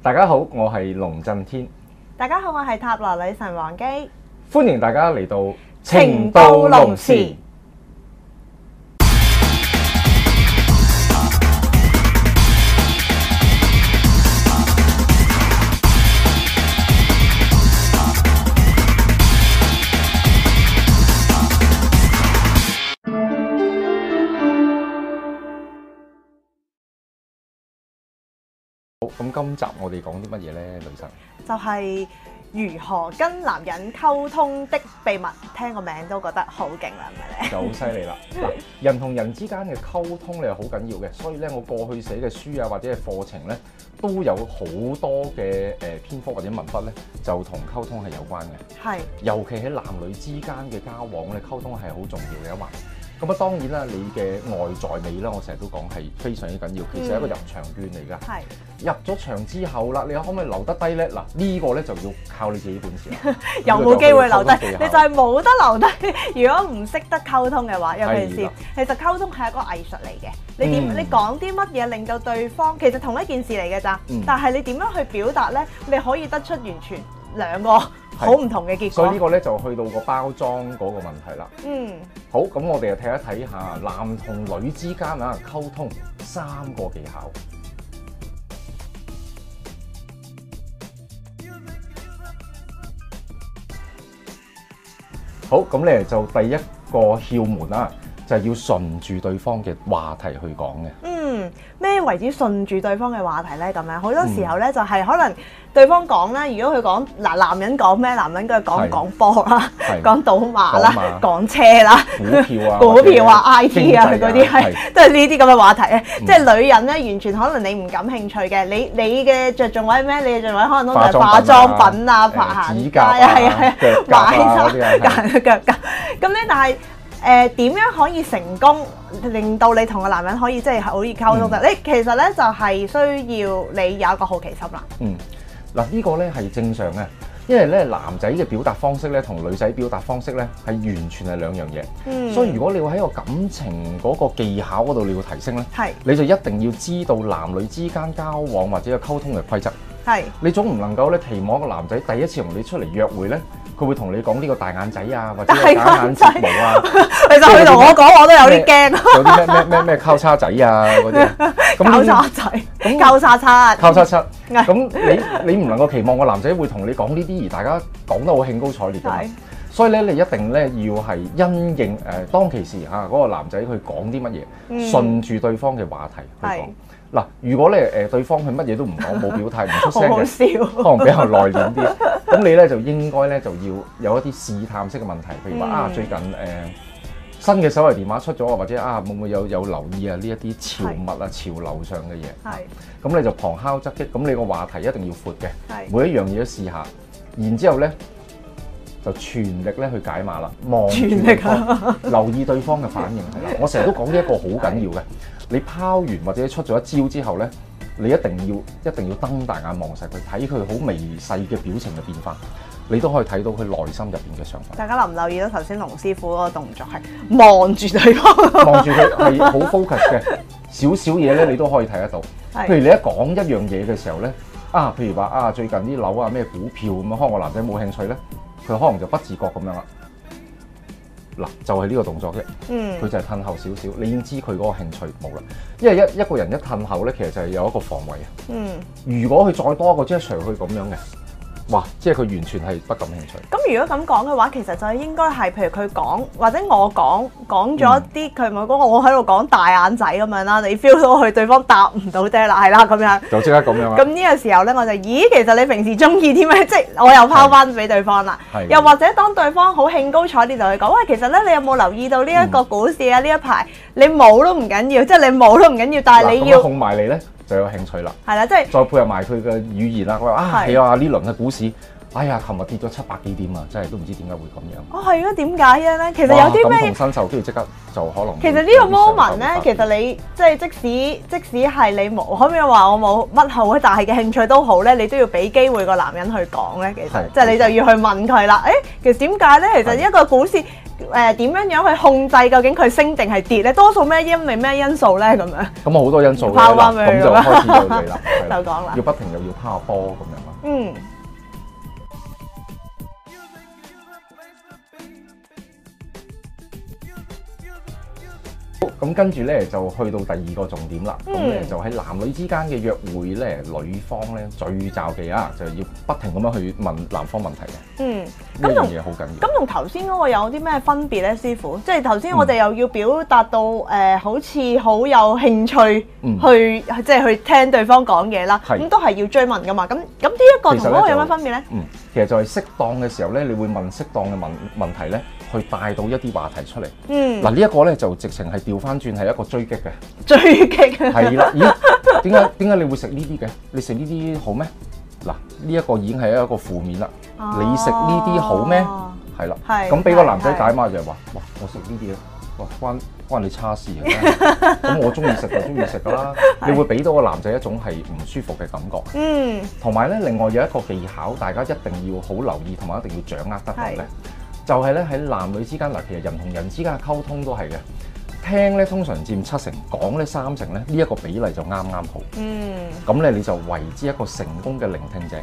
大家好，我係龍震天。大家好，我係塔羅女神王姬。歡迎大家嚟到情到龍匙。咁今集我哋講啲乜嘢呢？女神？就係、是、如何跟男人溝通的秘密，聽個名都覺得好勁啦，係咪咧？就好犀利啦！ 人同人之間嘅溝通你係好緊要嘅，所以呢，我過去寫嘅書啊或者係課程呢，都有好多嘅誒篇幅或者文筆呢，就同溝通係有關嘅，係，尤其喺男女之間嘅交往咧，溝通係好重要嘅一環。咁啊，當然啦，你嘅外在美啦，我成日都講係非常之緊要，其實係一個入場券嚟㗎。係、嗯、入咗場之後啦，你可唔可以留得低咧？嗱，呢個咧就要靠你自己本事。 有冇機會留低、這個，你就係冇得留低。如果唔識得溝通嘅話，尤其是其實溝通係一個藝術嚟嘅。你點、嗯、你講啲乜嘢令到對方？其實同一件事嚟嘅咋，但係你點樣去表達咧？你可以得出完全兩個，好唔同嘅結果，所以呢個咧就去到個包裝嗰個問題啦。嗯，好，咁我哋又睇一睇下男同女之間啊溝通三個技巧。嗯、好，咁咧就第一個竅門啦、啊，就係、是、要順住對方嘅話題去講嘅。嗯即為止順住對方嘅話題咧，咁樣好多時候咧，就係可能對方講啦。如果佢講嗱男人講咩，男人佢講講波啦、啊，講賭馬啦、啊，講車啦、啊，股票啊，IT 啊嗰啲係都係呢啲咁嘅話題、嗯、即係女人咧，完全可能你唔感興趣嘅，你你嘅着重位係咩？你嘅著，重位，你著重位可能都係化妝品啊、爬、呃、指甲啊、係啊、係啊、買衫、腳、啊、腳甲、啊。咁咧，但係。誒、呃、點樣可以成功令到你同個男人可以即係好易溝通嘅？你、嗯、其實咧就係、是、需要你有一個好奇心啦。嗯。嗱、這個、呢個咧係正常嘅，因為咧男仔嘅表達方式咧同女仔表達方式咧係完全係兩樣嘢。嗯。所以如果你會喺個感情嗰個技巧嗰度你要提升咧，係，你就一定要知道男女之間交往或者個溝通嘅規則。係。你總唔能夠咧期望一個男仔第一次同你出嚟約會咧，佢會同你講呢個大眼仔啊，或者假眼睫毛啊。其實佢同我講， 我都有啲驚。 有啲咩咩咩咩交叉仔啊嗰啲交叉仔，交叉叉。交叉叉，咁你 你唔能夠期望個男仔會同你講呢啲而大家講得好興高采烈㗎。所以咧，你一定咧要係因應誒當其時嚇嗰個男仔去講啲乜嘢，順住對方嘅話題去講。嗱，如果咧誒對方佢乜嘢都唔講，冇表態，唔 出聲嘅，可能比較內斂啲。咁 你咧就應該咧就要有一啲試探式嘅問題，譬如話、嗯、啊，最近誒、呃、新嘅手提電話出咗，或者啊會唔會有有留意啊呢一啲潮物啊潮流上嘅嘢？係。咁你就旁敲側擊，咁你個話題一定要闊嘅，係。每一樣嘢都試下，然之後咧，就全力咧去解碼啦，望住對方，留意對方嘅反應係啦。我成日都講呢一個好緊要嘅，你拋完或者出咗一招之後咧，你一定要一定要瞪大眼望曬佢，睇佢好微細嘅表情嘅變化，你都可以睇到佢內心入邊嘅想法。大家留唔留意到頭先龍師傅嗰個動作係望住對方，望住佢係好 focus 嘅，少少嘢咧，你都可以睇得到。譬如你一講一樣嘢嘅時候咧，啊，譬如話啊，最近啲樓啊，咩股票咁樣，可能我男仔冇興趣咧。佢可能就不自覺咁樣啦，嗱就係、是、呢個動作啫，佢、嗯、就係褪後少少，你已經知佢嗰個興趣冇啦，因為一一個人一褪後咧，其實就係有一個防衞嘅、嗯，如果佢再多一個 gesture 去咁樣嘅。哇！即係佢完全係不感興趣。咁如果咁講嘅話，其實就應該係譬如佢講，或者我講講咗啲，佢唔係講我喺度講大眼仔咁樣啦，你 feel 到佢對方答唔到啫啦，係啦咁樣。就即刻咁樣啦。咁呢個時候咧，我就咦，其實你平時中意啲咩？即係我又拋翻俾對方啦。係。又或者當對方好興高采烈就去講，喂，其實咧你有冇留意到呢一個股市啊？呢、嗯、一排你冇都唔緊要，即係你冇都唔緊要，但係你要，控制埋你呢就有興趣啦，係啦，即係再配合埋佢嘅語言啦。我話啊，係啊，呢輪嘅股市，哎呀，琴日跌咗七百幾點啊，真係都唔知點解會咁樣。哦，係啊，點解嘅咧？其實有啲咩重新受驚，即刻就可能，其實呢個 moment 咧，其實你即係即使即使係你冇，可唔可以話我冇乜好大嘅興趣都好咧，你都要俾機會個男人去講咧。其實即係你就要去問佢啦。誒，其實點解咧？其實一個股市。誒，點樣樣去控制究竟佢升定係跌咧？多數咩因？為咩因素咧？咁樣。咁我好多因素。拋波咁樣。就講啦。要不停又要拋下波咁樣啊。嗯。好，咁跟住咧就去到第二個重點啦。咁、嗯、咧就喺男女之間嘅約會咧，女方咧最招忌啊，就要不停咁樣去問男方問題嘅。嗯。咁同嘢好緊要，咁同頭先嗰個有啲咩分別咧，師傅？即係頭先我哋又要表達到誒、嗯呃，好似好有興趣去、嗯、即係去聽對方講嘢啦。咁都係要追問噶嘛？咁咁呢一個同嗰個有咩分別咧？嗯，其實就係適當嘅時候咧，你會問適當嘅問問題咧，去帶到一啲話題出嚟。嗯，嗱呢一個咧就直情係調翻轉係一個追擊嘅。追擊嘅，係 啦，點點解點解你會食呢啲嘅？你食呢啲好咩？嗱，呢一個已經係一個負面啦。你食呢啲好咩？係、哦、啦，咁俾個男仔解碼就係話：哇，我食呢啲咧，哇關關你叉事嘅、啊。咁 我中意食就中意食㗎啦。你會俾到個男仔一種係唔舒服嘅感覺。嗯，同埋咧，另外有一個技巧，大家一定要好留意同埋一定要掌握得嚟咧，就係咧喺男女之間嗱，其實人同人之間嘅溝通都係嘅。聽咧通常佔七成，講呢，三成咧，呢一個比例就啱啱好。嗯，咁咧你就為之一個成功嘅聆聽者，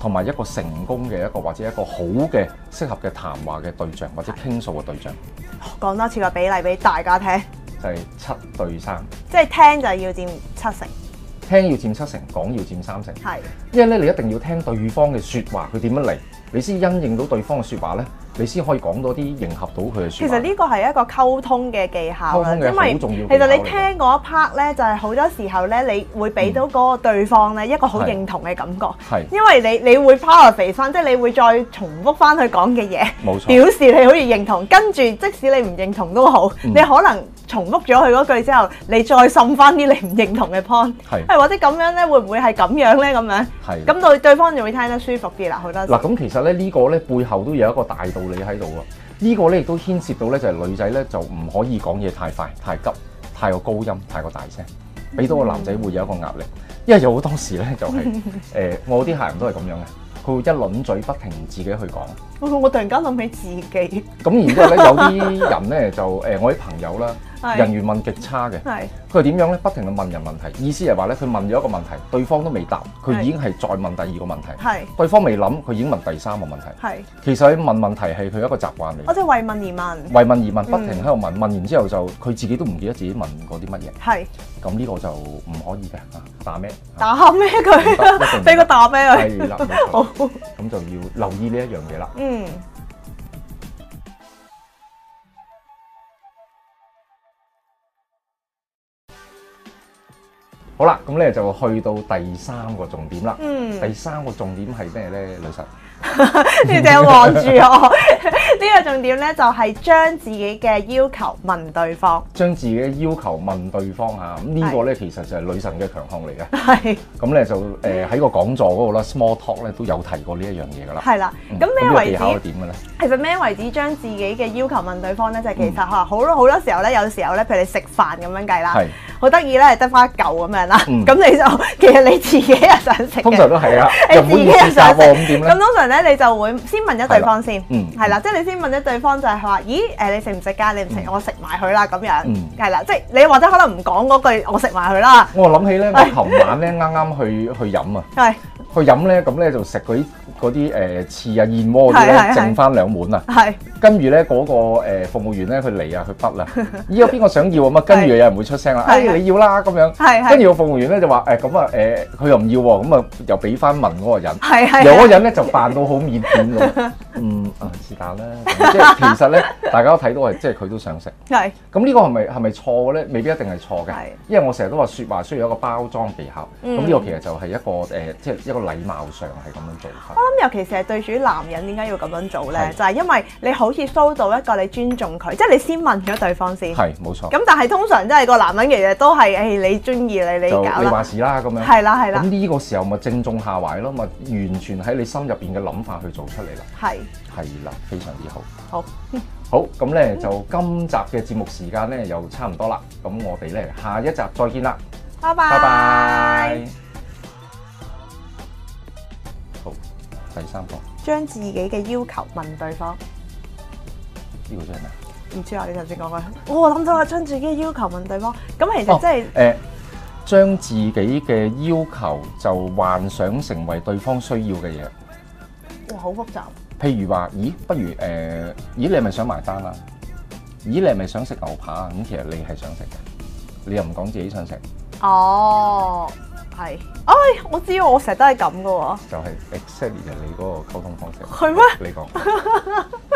同埋一個成功嘅一個或者一個好嘅適合嘅談話嘅對象或者傾訴嘅對象。講多次個比例俾大家聽，就係七對三，即係聽就要佔七成，聽要佔七成，講要佔三成，係，因為咧你一定要聽對方嘅說話，佢點樣嚟，你先因應到對方嘅說話咧。你先可以講多啲迎合到佢嘅。其實呢個係一個溝通嘅技巧啦，因為其實你聽嗰一 part 咧，就係好多時候咧，你會俾到嗰個對方咧一個好認同嘅感覺。係。因為你你會 paraphrase，即係你會再重複翻佢講嘅嘢。冇錯。表示你好似認同，跟住即使你唔認同都好，你可能重複咗佢嗰句之後，你再滲翻啲你唔認同嘅 point。係。誒或者咁樣咧，會唔會係咁樣咧？咁樣。係。咁對對方就會聽得舒服啲啦，好多。嗱咁其實咧呢個咧背後都有一個大道。你喺度啊？呢、呢個咧亦都牽涉到咧，就係女仔咧就唔可以講嘢太快、太急、太過高音、太過大聲，俾到個男仔會有一個壓力。因為有好多時咧就係、是、誒、 呃，我啲客人都係咁樣嘅，佢會一輪嘴不停自己去講。我突然間諗起自己。咁 然之後咧，有啲人咧就誒、呃，我啲朋友啦。人緣問極差嘅，佢係點樣咧？不停去問人問題，意思係話咧，佢問咗一個問題，對方都未答，佢已經係再問第二個問題。係，對方未諗，佢已經問第三個問題。係，其實佢問問題係佢一個習慣嚟。我即係為問而問，為問而問，不停喺度問，嗯，問完之後就佢自己都唔記得自己問過啲乜嘢。係，咁呢個就唔可以嘅吓，打咩？打咩佢？俾個 打咩佢？好，咁就要留意呢一樣嘢啦。嗯。好啦，咁咧就去到第三個重點啦。嗯，第三個重點係咩咧，女神？ 你哋望住我。呢 個重點咧就係將自己嘅要求問對方。將自己嘅要求問對方嚇，咁、這、呢個咧其實就係女神嘅強項嚟嘅。係。咁咧就誒喺個講座嗰度啦 small talk 咧都有提過這的、嗯那什麼這個、呢一樣嘢㗎啦。係啦，咁咩為技巧？其實咩為止將自己嘅要求問對方咧？就是、其實嚇、嗯、好多好多時候咧，有時候咧，譬如你食飯咁樣計啦。係。好得意咧，得翻一嚿咁、嗯、樣啦。咁你就其實你自己又想食通常都係啦、啊、 你自己想食咁通常咧你就會先問咗對方先，係、嗯、啦，即係、就是、你先問咗對方就係、是、話：咦誒，你食唔食㗎？你唔食、嗯、我食埋佢啦咁樣。係、嗯、啦，即係、就是、你或者可能唔講嗰句我食埋佢啦。我諗起咧，我琴晚咧啱啱去去飲啊。去飲呢，咁咧就食佢嗰啲翅呀、燕窩啲咧，剩返兩碗啦。係。跟住咧嗰個誒服務員咧，佢嚟呀，佢畢啦。依個邊個想要啊？嘛，跟住有人會出聲啦。係、哎、你要啦咁樣。跟住個服務員咧就話誒，咁、哎、佢、呃、又唔要喎，咁又俾返問嗰個人。係由嗰個人咧就扮到好面面咁。 嗯啊，是但啦。即 係其實呢，大家都睇到係，即係佢都想食。係。咁呢個係咪係咪錯嘅？未必一定係錯嘅。因為我成日都話，説話需要一個包裝技巧。嗯。咁呢個其實就係一個。呃即禮貌上係咁樣做。我諗，尤其是係對住男人，點解要咁樣做咧？就係因為你好似 show 到一個你尊重佢，即係你先問咗對方先。係，冇錯。咁但係通常即係個男人其實都係，誒，你中意你你搞你話事啦，咁樣。係啦，係啦。咁呢個時候咪正中下懷咯，咪完全喺你心入邊嘅諗法去做出嚟啦。係。係啦，非常之好。好。 好，咁咧就今集嘅節目時間咧又差唔多啦。咁我哋咧下一集再見啦。拜拜。拜拜。第三步，將自己嘅要求問對方。呢個叫咩？唔知啊，你頭先講過。我諗到啦，將自己嘅要求問對方，咁其實真係誒，將、哦呃、自己嘅要求就幻想成為對方需要嘅嘢。哇，好複雜。譬如話，咦，不如誒、呃，咦，你係咪想埋單啊？咦，你係咪想食牛扒啊？咁其實你係想食嘅，你又唔講自己想食。哦。係，哎，我知，我成日都係咁嘅喎。就係 exactly 你嗰個溝通方式，係咩？你講。